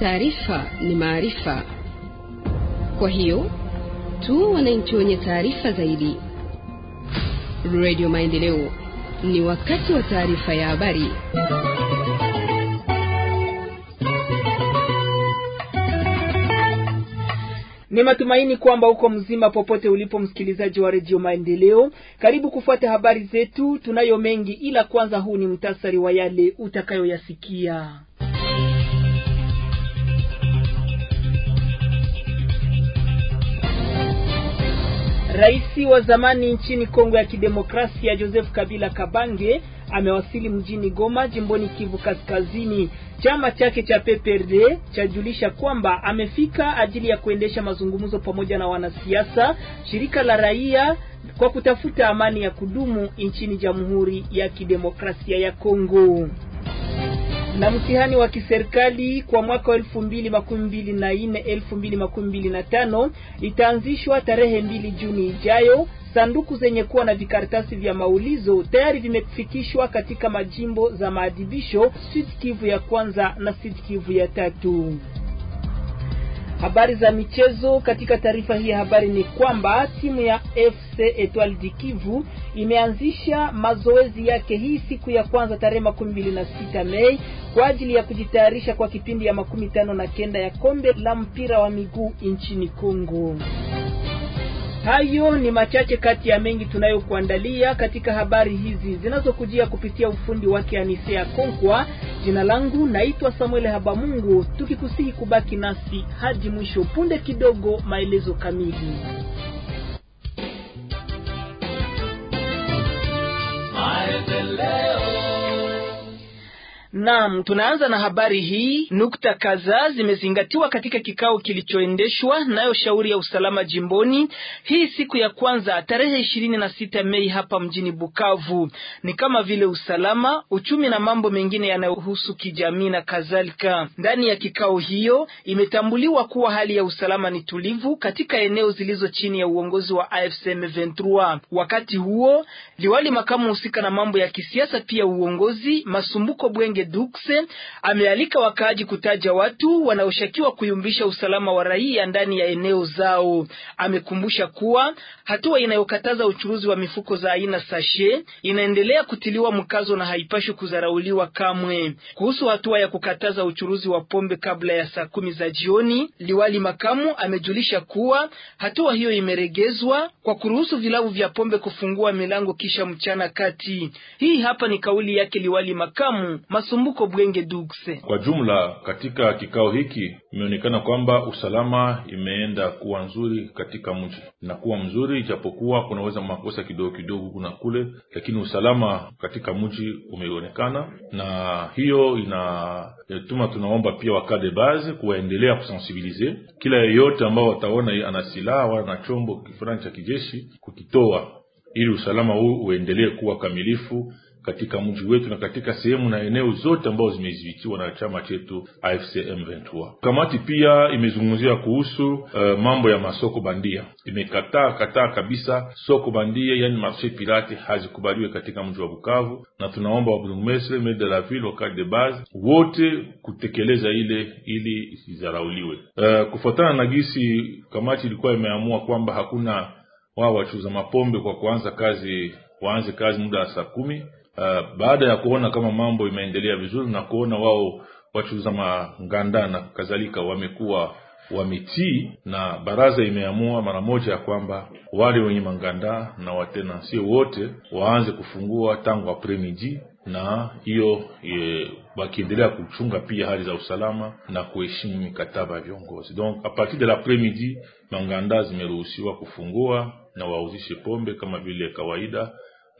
Taarifa ni maarifa, kwa hiyo tu wananchi wenye taarifa zaidi. Radio Maendeleo, ni wakati wa taarifa ya habari. Ni matumaini kwamba uko mzima popote ulipo, msikilizaji wa redio Maendeleo. Karibu kufuata habari zetu, tunayo mengi, ila kwanza huu ni mtasari wa yale utakayoyasikia. Rais wa zamani nchini Kongo ya Kidemokrasia Joseph Kabila Kabange amewasili mjini Goma jimboni Kivu Kaskazini. Chama chake cha PPRD chajulisha kwamba amefika ajili ya kuendesha mazungumzo pamoja na wanasiasa, shirika la raia kwa kutafuta amani ya kudumu nchini Jamhuri ya Kidemokrasia ya Kongo na mtihani wa kiserikali kwa mwaka wa elfu mbili makumi mbili na nne elfu mbili makumi mbili na tano itaanzishwa tarehe mbili Juni ijayo. Sanduku zenye kuwa na vikaratasi vya maulizo tayari vimefikishwa katika majimbo za maadhibisho Sud Kivu ya kwanza na Sud Kivu ya tatu. Habari za michezo katika taarifa hii ya habari ni kwamba timu ya FC Etoile du Kivu imeanzisha mazoezi yake hii siku ya kwanza tarehe makumi mbili na sita Mei kwa ajili ya kujitayarisha kwa kipindi ya makumi tano na kenda ya kombe la mpira wa miguu nchini Kongo. Hayo ni machache kati ya mengi tunayokuandalia katika habari hizi zinazokujia kupitia ufundi wake Anisea Konkwa. Jina langu naitwa Samuel Habamungu, tukikusihi kubaki nasi hadi mwisho. Punde kidogo, maelezo kamili. Maendeleo. Naam, tunaanza na habari hii. Nukta kadhaa zimezingatiwa katika kikao kilichoendeshwa nayo shauri ya usalama jimboni hii siku ya kwanza tarehe ishirini na sita Mei hapa mjini Bukavu, ni kama vile usalama, uchumi na mambo mengine yanayohusu kijamii na kadhalika. Ndani ya kikao hiyo imetambuliwa kuwa hali ya usalama ni tulivu katika eneo zilizo chini ya uongozi wa AFC M23. Wakati huo liwali makamu husika na mambo ya kisiasa pia uongozi Masumbuko Bwenge Dukse amealika wakaaji kutaja watu wanaoshukiwa kuyumbisha usalama wa raia ndani ya eneo zao. Amekumbusha kuwa hatua inayokataza uchuruzi wa mifuko za aina sashe inaendelea kutiliwa mkazo na haipashi kudharauliwa kamwe. Kuhusu hatua ya kukataza uchuruzi wa pombe kabla ya saa kumi za jioni, liwali makamu amejulisha kuwa hatua hiyo imeregezwa kwa kuruhusu vilabu vya pombe kufungua milango kisha mchana kati. Hii hapa ni kauli yake liwali makamu Masumbu Mtambuko Bwenge Dukse. Kwa jumla, katika kikao hiki imeonekana kwamba usalama imeenda kuwa nzuri katika mji na kuwa mzuri, ijapokuwa kunaweza makosa kidogo kidogo kuna kule, lakini usalama katika mji umeonekana, na hiyo inatuma tunaomba pia wakade baze kuwaendelea kusensibilize kila yeyote ambao wataona ana silaha wala na chombo kifurani cha kijeshi kukitoa, ili usalama huu uendelee kuwa kamilifu katika mji wetu na katika sehemu na eneo zote ambazo zimedhibitiwa na chama chetu AFC M23. Kamati pia imezungumzia kuhusu uh, mambo ya masoko bandia, imekataa kataa kabisa soko bandia, yani marche pirate hazikubaliwe katika mji wa Bukavu, na tunaomba waburgmestre, maire de la ville, wakati de base wote kutekeleza ile ili isizarauliwe. Uh, kufuatana na gisi kamati ilikuwa imeamua kwamba hakuna wao wachuza mapombe kwa kuanza kazi waanze kazi muda wa saa kumi uh, baada ya kuona kama mambo imeendelea vizuri na kuona wao wachuuza maganda na kadhalika wamekuwa wametii na baraza imeamua mara moja ya kwamba wale wenye manganda na watenansie wote waanze kufungua tangu apremidi na hiyo e, wakiendelea kuchunga pia hali za usalama na kuheshimu mikataba ya viongozi. Donc a partir de l'après-midi manganda zimeruhusiwa kufungua na wauzishe pombe kama vile kawaida,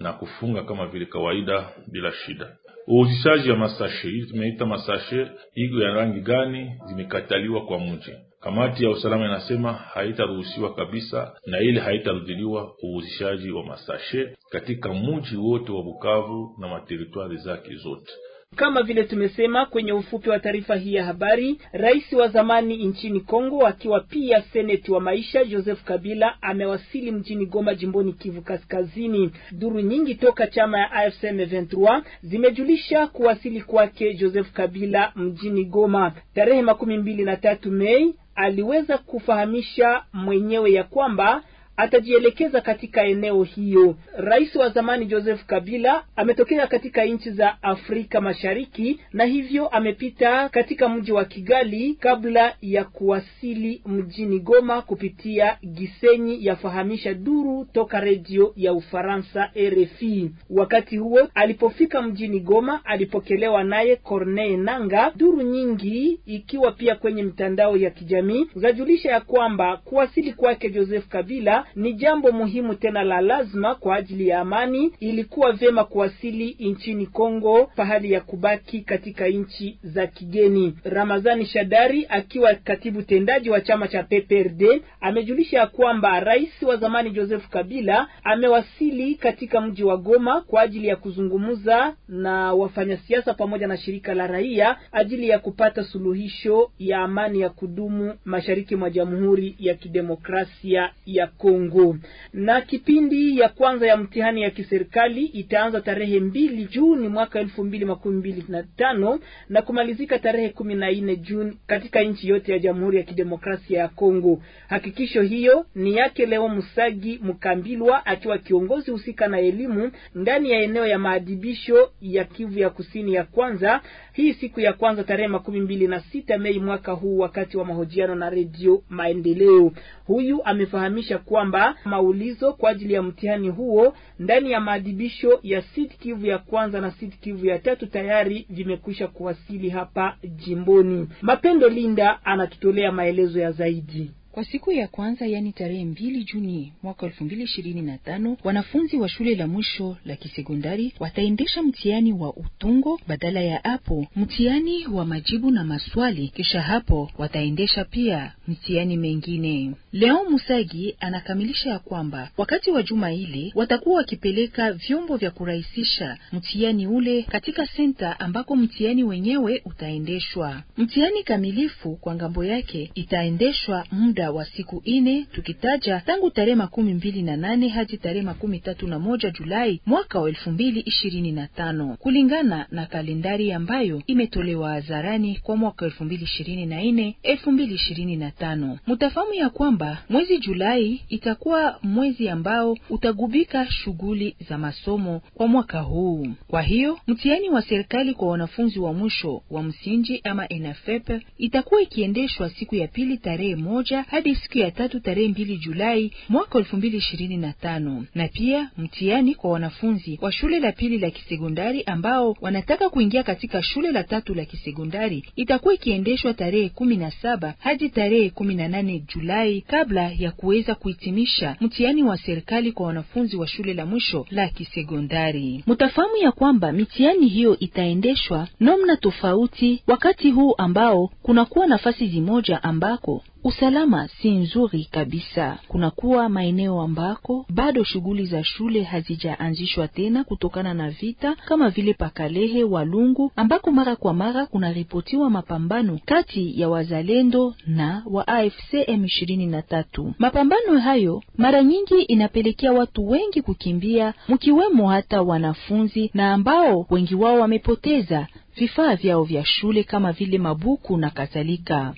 na kufunga kama vile kawaida bila shida. Uuzishaji ya masashe hizi tumeita masashe, igo ya rangi gani zimekataliwa kwa mji. Kamati ya usalama inasema haitaruhusiwa kabisa na ili haitarudiliwa uuzishaji wa masashe katika mji wote wa Bukavu na materitwari zake zote. Kama vile tumesema kwenye ufupi wa taarifa hii ya habari, rais wa zamani nchini Kongo akiwa pia seneti wa maisha Joseph Kabila amewasili mjini Goma, jimboni Kivu Kaskazini. Duru nyingi toka chama ya AFC M23 zimejulisha kuwasili kwake Joseph Kabila mjini Goma tarehe makumi mbili na tatu Mei. Aliweza kufahamisha mwenyewe ya kwamba atajielekeza katika eneo hiyo. Rais wa zamani Joseph Kabila ametokea katika nchi za Afrika Mashariki na hivyo amepita katika mji wa Kigali kabla ya kuwasili mjini Goma kupitia Gisenyi, yafahamisha duru toka redio ya Ufaransa RFI. Wakati huo alipofika mjini Goma alipokelewa naye Corneille Nanga. Duru nyingi ikiwa pia kwenye mitandao ya kijamii zajulisha ya kwamba kuwasili kwake Joseph Kabila ni jambo muhimu tena la lazima kwa ajili ya amani. Ilikuwa vyema kuwasili nchini Kongo pahali ya kubaki katika nchi za kigeni. Ramazani Shadari akiwa katibu tendaji wa chama cha PPRD amejulisha ya kwamba rais wa zamani Joseph Kabila amewasili katika mji wa Goma kwa ajili ya kuzungumza na wafanyasiasa pamoja na shirika la raia ajili ya kupata suluhisho ya amani ya kudumu mashariki mwa Jamhuri ya Kidemokrasia ya Kongo. Kongo. Na kipindi ya kwanza ya mtihani ya kiserikali itaanza tarehe mbili Juni mwaka elfu mbili makumi mbili na tano na kumalizika tarehe kumi na nne Juni katika nchi yote ya Jamhuri ya Kidemokrasia ya Kongo. Hakikisho hiyo ni yake Leo Musagi Mkambilwa akiwa kiongozi husika na elimu ndani ya eneo ya maadhibisho ya Kivu ya Kusini ya kwanza hii siku ya kwanza tarehe makumi mbili na sita Mei mwaka huu wakati wa mahojiano na Redio Maendeleo. Huyu amefahamisha kwa kwamba maulizo kwa ajili ya mtihani huo ndani ya maadhibisho ya Sud Kivu ya kwanza na Sud Kivu ya tatu tayari vimekwisha kuwasili hapa jimboni. Mapendo Linda anatutolea maelezo ya zaidi. Kwa siku ya kwanza yaani tarehe mbili Juni mwaka elfu mbili ishirini na tano wanafunzi wa shule la mwisho la kisekondari wataendesha mtihani wa utungo badala ya hapo mtihani wa majibu na maswali. Kisha hapo wataendesha pia mtihani mengine. Leo Musagi anakamilisha ya kwamba wakati wa juma hili watakuwa wakipeleka vyombo vya kurahisisha mtihani ule katika senta ambako mtihani wenyewe utaendeshwa. Mtihani kamilifu kwa ngambo yake itaendeshwa muda muda wa siku ine tukitaja tangu tarehe makumi mbili na nane hadi tarehe makumi tatu na moja Julai mwaka wa elfu mbili ishirini na tano kulingana na kalendari ambayo imetolewa hadharani kwa mwaka wa elfu mbili ishirini na nne elfu mbili ishirini na tano. Mutafahamu ya kwamba mwezi Julai itakuwa mwezi ambao utagubika shughuli za masomo kwa mwaka huu. Kwa hiyo mtihani wa serikali kwa wanafunzi wa mwisho wa msingi ama ENAFEP itakuwa ikiendeshwa siku ya pili tarehe moja hadi siku ya tatu tarehe mbili Julai mwaka elfu mbili ishirini na tano na pia mtihani kwa wanafunzi wa shule la pili la kisekondari ambao wanataka kuingia katika shule la tatu la kisekondari itakuwa ikiendeshwa tarehe kumi na saba hadi tarehe kumi na nane Julai kabla ya kuweza kuhitimisha mtihani wa serikali kwa wanafunzi wa shule la mwisho la kisekondari. Mtafahamu ya kwamba mitihani hiyo itaendeshwa namna tofauti wakati huu ambao kunakuwa nafasi zimoja ambako usalama si nzuri kabisa. Kunakuwa maeneo ambako bado shughuli za shule hazijaanzishwa tena kutokana na vita kama vile Pakalehe, Walungu, ambako mara kwa mara kunaripotiwa mapambano kati ya wazalendo na wa AFC M23. Mapambano hayo mara nyingi inapelekea watu wengi kukimbia, mkiwemo hata wanafunzi na ambao wengi wao wamepoteza vifaa vyao vya shule kama vile mabuku na kadhalika.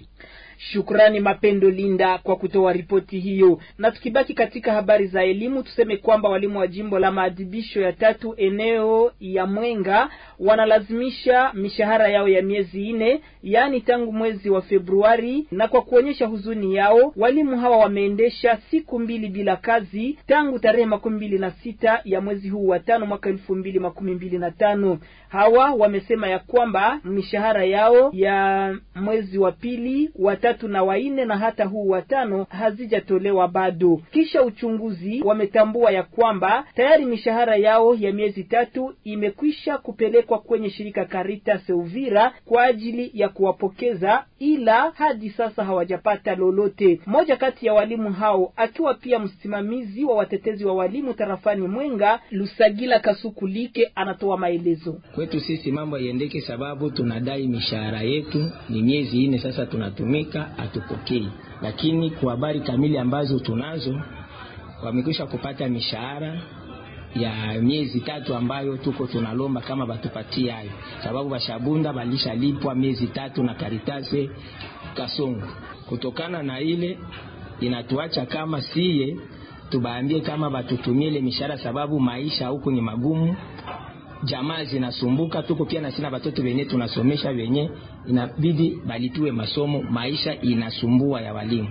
Shukrani Mapendo Linda kwa kutoa ripoti hiyo. Na tukibaki katika habari za elimu, tuseme kwamba walimu wa jimbo la maadhibisho ya tatu eneo ya Mwenga wanalazimisha mishahara yao ya miezi nne, yaani tangu mwezi wa Februari, na kwa kuonyesha huzuni yao, walimu hawa wameendesha siku mbili bila kazi tangu tarehe makumi mbili na sita ya mwezi huu wa tano mwaka elfu mbili makumi mbili na tano. Hawa wamesema ya kwamba mishahara yao ya mwezi wa pili wa tatu na wanne na hata huu watano hazijatolewa bado. Kisha uchunguzi wametambua ya kwamba tayari mishahara yao ya miezi tatu imekwisha kupelekwa kwenye shirika Caritas Uvira kwa ajili ya kuwapokeza, ila hadi sasa hawajapata lolote. Mmoja kati ya walimu hao akiwa pia msimamizi wa watetezi wa walimu tarafani Mwenga, Lusagila Kasukulike, anatoa maelezo. Kwetu sisi mambo yendeke, sababu tunadai mishahara yetu, ni miezi ine sasa tunatumika hakika atupokee, lakini kwa habari kamili ambazo tunazo, wamekwisha kupata mishahara ya miezi tatu ambayo tuko tunalomba kama batupatie hayo, sababu bashabunda balishalipwa miezi tatu na Karitase Kasongo. Kutokana na ile inatuacha kama siye tubaambie kama batutumie ile mishahara, sababu maisha huku ni magumu, jamaa zinasumbuka, tuko pia na sina watoto wenye tunasomesha wenye inabidi balitue masomo, maisha inasumbua ya walimu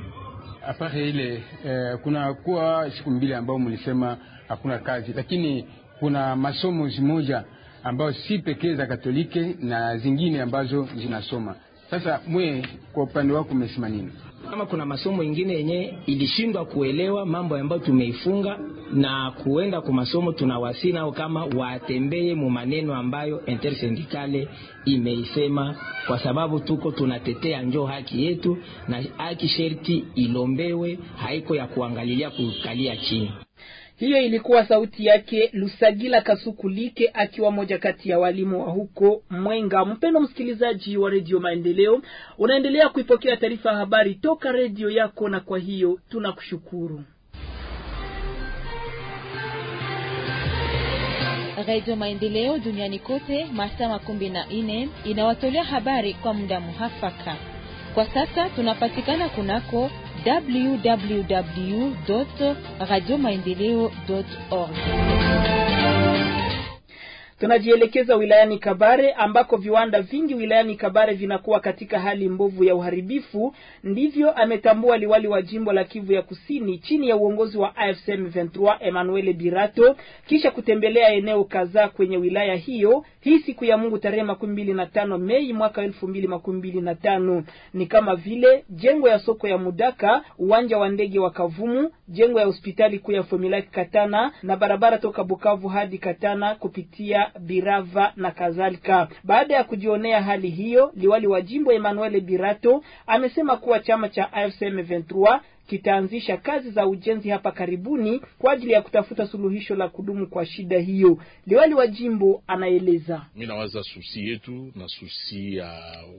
apare ile. Eh, kuna kuwa siku mbili ambao mlisema hakuna kazi, lakini kuna masomo zimoja ambayo si pekee za Katolike na zingine ambazo zinasoma. Sasa mwe kwa upande wako umesema nini? Kama kuna masomo ingine yenye ilishindwa kuelewa mambo ambayo tumeifunga na kuenda kwa masomo, tunawasi nao kama watembee mu maneno ambayo intersindikale imeisema, kwa sababu tuko tunatetea njoo haki yetu, na haki sherti ilombewe, haiko ya kuangalilia kukalia chini. Hiyo ilikuwa sauti yake Lusagila Kasukulike akiwa moja kati ya walimu wa huko Mwenga. Mpendo msikilizaji wa Redio Maendeleo, unaendelea kuipokea taarifa ya habari toka redio yako, na kwa hiyo tunakushukuru. Redio Maendeleo duniani kote masaa makumi na nne inawatolea habari kwa muda muhafaka. Kwa sasa tunapatikana kunako www radio org Tunajielekeza wilayani Kabare ambako viwanda vingi wilayani Kabare vinakuwa katika hali mbovu ya uharibifu. Ndivyo ametambua liwali wa jimbo la Kivu ya Kusini chini ya uongozi wa AFC M23 Emmanuel Birato kisha kutembelea eneo kadhaa kwenye wilaya hiyo hii siku ya Mungu tarehe makumi mbili na tano Mei mwaka elfu mbili makumi mbili na tano ni kama vile jengo ya soko ya Mudaka, uwanja wa ndege wa Kavumu, jengo ya hospitali kuu ya Fomilaki Katana na barabara toka Bukavu hadi Katana kupitia Birava na kadhalika. Baada ya kujionea hali hiyo, liwali wa jimbo Emmanuel Birato amesema kuwa chama cha AFC M23 kitaanzisha kazi za ujenzi hapa karibuni kwa ajili ya kutafuta suluhisho la kudumu kwa shida hiyo. Liwali wa jimbo anaeleza: mimi nawaza susi yetu na susi ya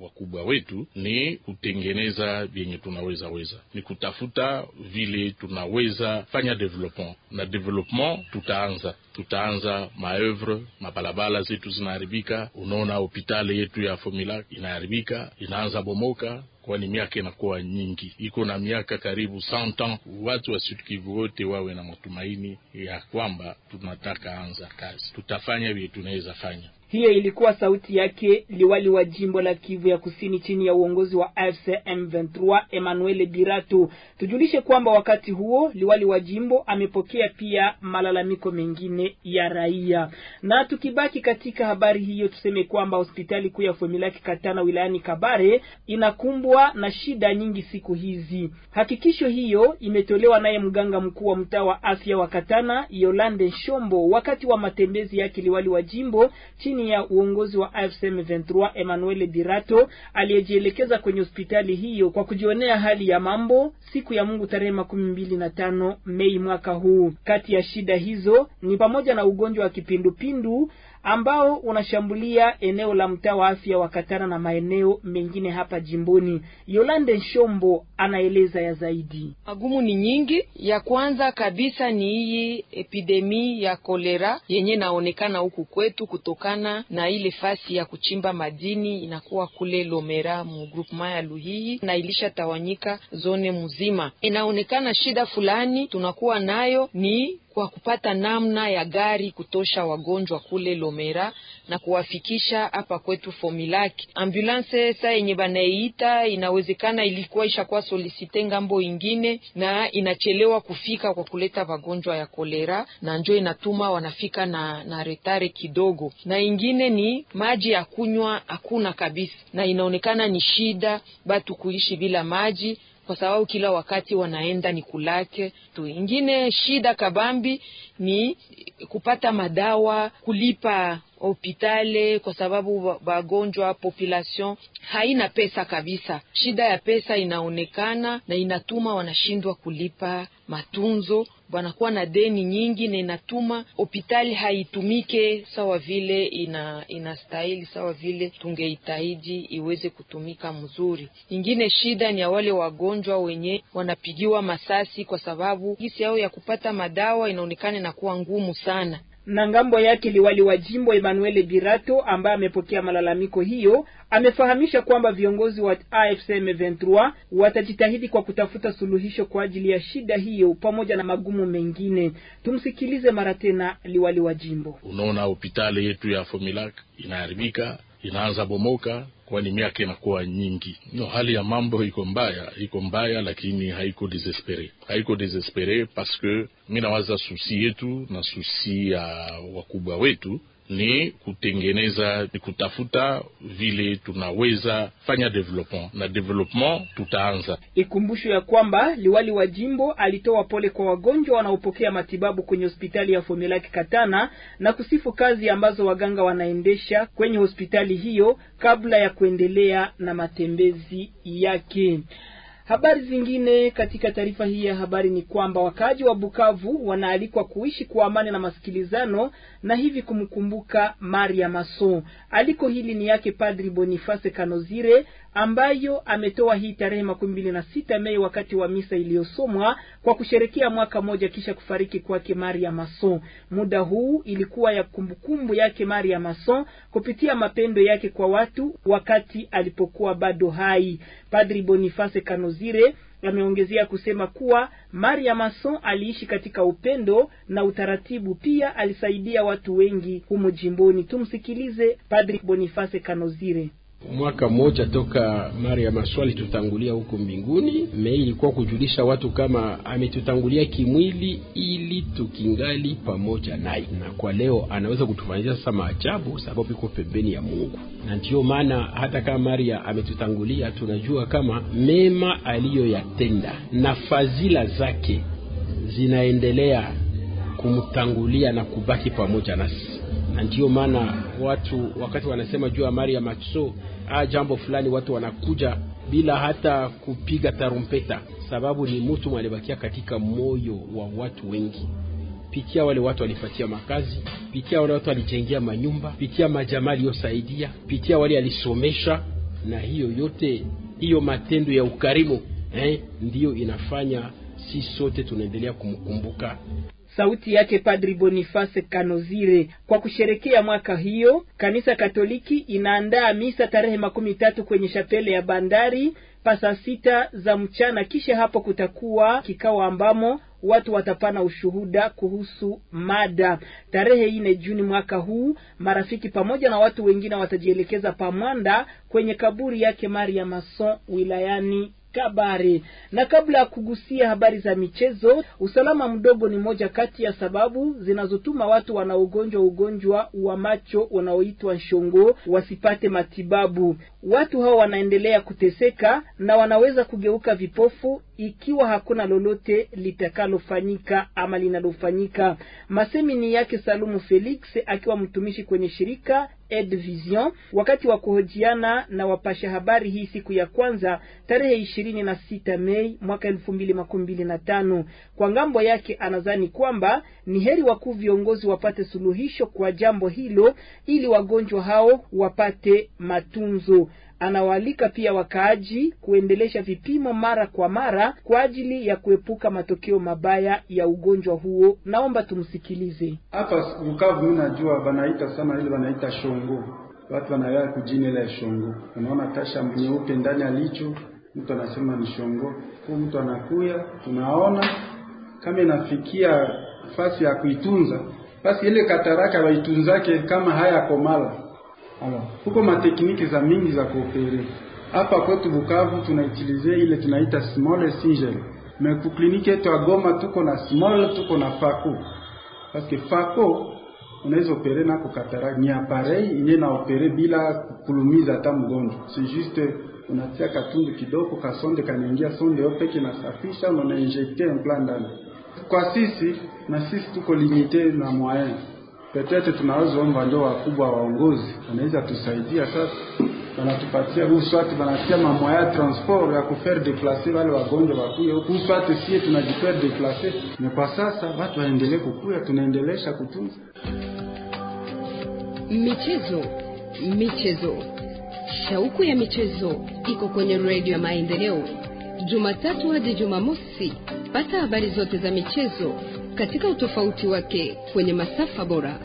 wakubwa wetu ni kutengeneza vyenye tunaweza weza, ni kutafuta vile tunaweza fanya development na development tutaanza tutaanza maevre mabalabala zetu zinaharibika, unaona hopitali yetu ya Fomila inaharibika, inaanza bomoka kwani miaka inakuwa nyingi, iko na miaka karibu cent ans. Watu wa Sud Kivu wote wawe na matumaini ya kwamba tunataka anza kazi, tutafanya vile tunaweza fanya hiyo ilikuwa sauti yake liwali wa jimbo la Kivu ya Kusini chini ya uongozi wa AFC M23 Emmanuel Biratu. Tujulishe kwamba wakati huo liwali wa jimbo amepokea pia malalamiko mengine ya raia. Na tukibaki katika habari hiyo, tuseme kwamba hospitali kuu ya Femilaki Katana wilayani Kabare inakumbwa na shida nyingi siku hizi. Hakikisho hiyo imetolewa naye mganga mkuu wa mtaa wa afya wa Katana Yolande Shombo wakati wa matembezi yake liwali wa jimbo chini chini ya uongozi wa AFC M23 Emmanuel Dirato aliyejielekeza kwenye hospitali hiyo kwa kujionea hali ya mambo siku ya Mungu tarehe makumi mbili na tano Mei mwaka huu. Kati ya shida hizo ni pamoja na ugonjwa wa kipindupindu ambao unashambulia eneo la mtaa wa afya wa Katana na maeneo mengine hapa jimboni. Yolande shombo anaeleza ya zaidi. Magumu ni nyingi, ya kwanza kabisa ni hii epidemi ya kolera yenye naonekana huku kwetu kutokana na ile fasi ya kuchimba madini inakuwa kule Lomera mu groupement ya Luhihi na ilishatawanyika zone mzima. Inaonekana shida fulani tunakuwa nayo ni kwa kupata namna ya gari kutosha wagonjwa kule Lomera na kuwafikisha hapa kwetu Fomilaki. Ambulance sa yenye banaiita inawezekana ilikuwa ishakuwa solisite ngambo ingine na inachelewa kufika kwa kuleta wagonjwa ya kolera, na njo inatuma wanafika na, na retare kidogo. Na ingine ni maji ya kunywa hakuna kabisa, na inaonekana ni shida batu kuishi bila maji kwa sababu kila wakati wanaenda ni kulake tu. Ingine shida kabambi ni kupata madawa, kulipa hopitale kwa sababu wagonjwa population haina pesa kabisa. Shida ya pesa inaonekana na inatuma wanashindwa kulipa matunzo wanakuwa na deni nyingi na inatuma hospitali haitumike sawa vile ina, inastahili sawa vile tungeitahidi iweze kutumika mzuri. Ingine shida ni ya wale wagonjwa wenye wanapigiwa masasi, kwa sababu gisi yao ya kupata madawa inaonekana inakuwa ngumu sana na ngambo yake liwali wa jimbo Emmanuel Birato ambaye amepokea malalamiko hiyo amefahamisha kwamba viongozi wa AFC M23 watajitahidi kwa kutafuta suluhisho kwa ajili ya shida hiyo pamoja na magumu mengine. Tumsikilize mara tena liwali wa jimbo. Unaona, hospitali yetu ya Fomilak inaharibika, inaanza bomoka kwani miaka inakuwa nyingi. No, hali ya mambo iko mbaya, iko mbaya, lakini haiko desespere, haiko desespere paske mi nawaza susi yetu na susi ya wakubwa wetu ni kutengeneza, ni kutafuta vile tunaweza fanya development na development tutaanza. Ikumbusho ya kwamba liwali wa jimbo alitoa pole kwa wagonjwa wanaopokea matibabu kwenye hospitali ya Fomelaki Katana na kusifu kazi ambazo waganga wanaendesha kwenye hospitali hiyo kabla ya kuendelea na matembezi yake. Habari zingine katika taarifa hii ya habari ni kwamba wakaaji wa Bukavu wanaalikwa kuishi kwa amani na masikilizano na hivi kumkumbuka Maria Maso. Aliko hili ni yake Padri Boniface Kanozire ambayo ametoa hii tarehe makumi mbili na sita Mei wakati wa misa iliyosomwa kwa kusherekea mwaka mmoja kisha kufariki kwake Maria Masson. Muda huu ilikuwa ya kumbukumbu yake Maria Masson kupitia mapendo yake kwa watu wakati alipokuwa bado hai. Padri Boniface Kanozire ameongezea kusema kuwa Maria Masson aliishi katika upendo na utaratibu, pia alisaidia watu wengi humo jimboni. Tumsikilize Padri Boniface Kanozire mwaka mmoja toka mara ya maswali tutangulia huko mbinguni. Mei ilikuwa kujulisha watu kama ametutangulia kimwili, ili tukingali pamoja naye, na kwa leo anaweza kutufanyisha sasa maajabu, sababu iko pembeni ya Mungu. Na ndiyo maana hata kama Maria ametutangulia, tunajua kama mema aliyoyatenda na fadhila zake zinaendelea kumtangulia na kubaki pamoja nasi na ndiyo maana watu wakati wanasema juu ya mari ya matso a jambo fulani, watu wanakuja bila hata kupiga tarumpeta, sababu ni mtu mwalibakia katika moyo wa watu wengi. Pitia wale watu walifatia makazi, pitia wale watu walijengea manyumba, pitia majamaa aliyosaidia, pitia wale alisomesha, na hiyo yote hiyo matendo ya ukarimu eh, ndiyo inafanya si sote tunaendelea kumkumbuka. Sauti yake Padri Boniface Kanozire. Kwa kusherekea mwaka hiyo, kanisa Katoliki inaandaa misa tarehe makumi tatu kwenye shapele ya bandari pasa sita za mchana. Kisha hapo kutakuwa kikao ambamo watu watapana ushuhuda kuhusu mada. Tarehe ine Juni mwaka huu, marafiki pamoja na watu wengine watajielekeza Pamwanda kwenye kaburi yake Maria Mason wilayani Kabari. Na kabla ya kugusia habari za michezo, usalama mdogo ni moja kati ya sababu zinazotuma watu wanaogonjwa ugonjwa wa macho unaoitwa shongo wasipate matibabu. Watu hao wanaendelea kuteseka na wanaweza kugeuka vipofu ikiwa hakuna lolote litakalofanyika ama linalofanyika. Masemi ni yake Salumu Felix akiwa mtumishi kwenye shirika Ed Vision wakati wa kuhojiana na wapasha habari hii siku ya kwanza tarehe ishirini na sita Mei mwaka elfu mbili makumi mbili na tano. Kwa ngambo yake anadhani kwamba ni heri wakuu viongozi wapate suluhisho kwa jambo hilo ili wagonjwa hao wapate matunzo. Anawaalika pia wakaaji kuendelesha vipimo mara kwa mara kwa ajili ya kuepuka matokeo mabaya ya ugonjwa huo. Naomba tumsikilize. Hapa Bukavu mimi najua banaita sana ile banaita shongo, watu wanawea kujina ile shongo, unaona tasha nyeupe ndani ya licho, mtu anasema ni shongo. Kwa mtu anakuya, tunaona kama inafikia fasi ya kuitunza, basi ile kataraka waitunzake kama haya komala Alors, huko matekniki za mingi za kuopere. Hapa kwetu Bukavu tunaitilize ile tunaita small sigel. Me ku kliniki yetu ya Goma tuko na small, tuko na fako. Parce que fako unaweza opere na kukatara ni appareil yenye na opere bila kulumiza hata mgonjwa. C'est juste unatia katundu kidogo kasonde kanaingia sonde yote kinasafisha na unainjecte implant ndani. Kwa sisi na sisi tuko limite na moyen tunaweza omba ndio wakubwa waongozi wanaweza tusaidia. Sasa wanatupatia uswati, wanatia mamwa ya transport ya kufaire deplace wale wagonjwa wakuye huku uswati, sie tunajifaire deplace. Na kwa sasa watu waendelee kukuya, tunaendelesha kutunza michezo. Michezo, shauku ya michezo iko kwenye redio ya Maendeleo, Jumatatu hadi Jumamosi. Pata habari zote za michezo katika utofauti wake kwenye masafa bora.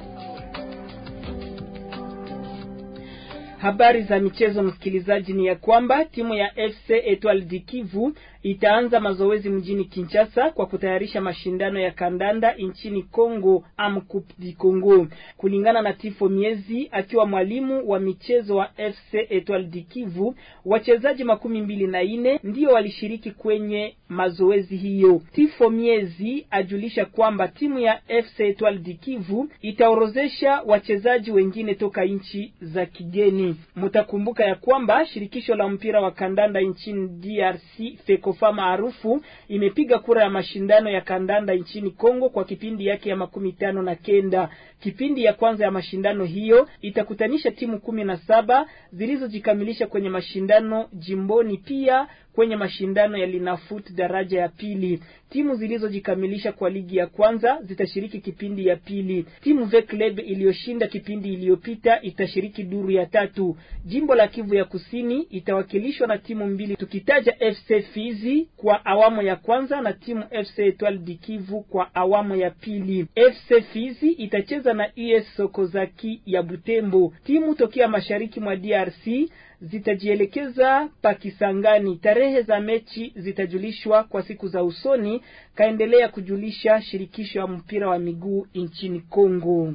Habari za michezo msikilizaji, ni ya kwamba timu ya FC Etoile du Kivu itaanza mazoezi mjini Kinshasa kwa kutayarisha mashindano ya kandanda nchini Kongo, Coupe du Congo. Kulingana na Tifo Miezi akiwa mwalimu wa michezo wa FC Etoile du Kivu, wachezaji makumi mbili na nne ndio walishiriki kwenye mazoezi hiyo. Tifo Miezi ajulisha kwamba timu ya FC Etoile du Kivu itaorozesha wachezaji wengine toka nchi za kigeni. Mtakumbuka ya kwamba shirikisho la mpira wa kandanda nchini DRC FECOFA maarufu imepiga kura ya mashindano ya kandanda nchini Kongo kwa kipindi yake ya makumi tano na kenda. Kipindi ya kwanza ya mashindano hiyo itakutanisha timu kumi na saba zilizojikamilisha kwenye mashindano jimboni pia kwenye mashindano ya Linafoot daraja ya pili. Timu zilizojikamilisha kwa ligi ya kwanza zitashiriki kipindi ya pili. Timu V Club iliyoshinda kipindi iliyopita itashiriki duru ya tatu. Jimbo la Kivu ya Kusini itawakilishwa na timu mbili, tukitaja FC Fizi kwa awamu ya kwanza na timu FC Etoile du Kivu kwa awamu ya pili. FC Fizi itacheza na US Sokozaki ya Butembo. Timu tokea mashariki mwa DRC zitajielekeza Pakisangani. Tarehe za mechi zitajulishwa kwa siku za usoni, kaendelea kujulisha shirikisho ya mpira wa miguu nchini Kongo.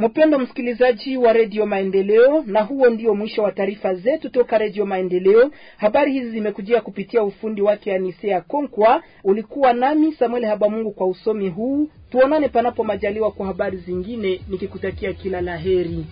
Mpendo msikilizaji wa redio Maendeleo, na huo ndio mwisho wa taarifa zetu toka redio Maendeleo. Habari hizi zimekujia kupitia ufundi wake Anisea Konkwa. Ulikuwa nami Samuel Habamungu kwa usomi huu. Tuonane panapo majaliwa kwa habari zingine, nikikutakia kila la heri.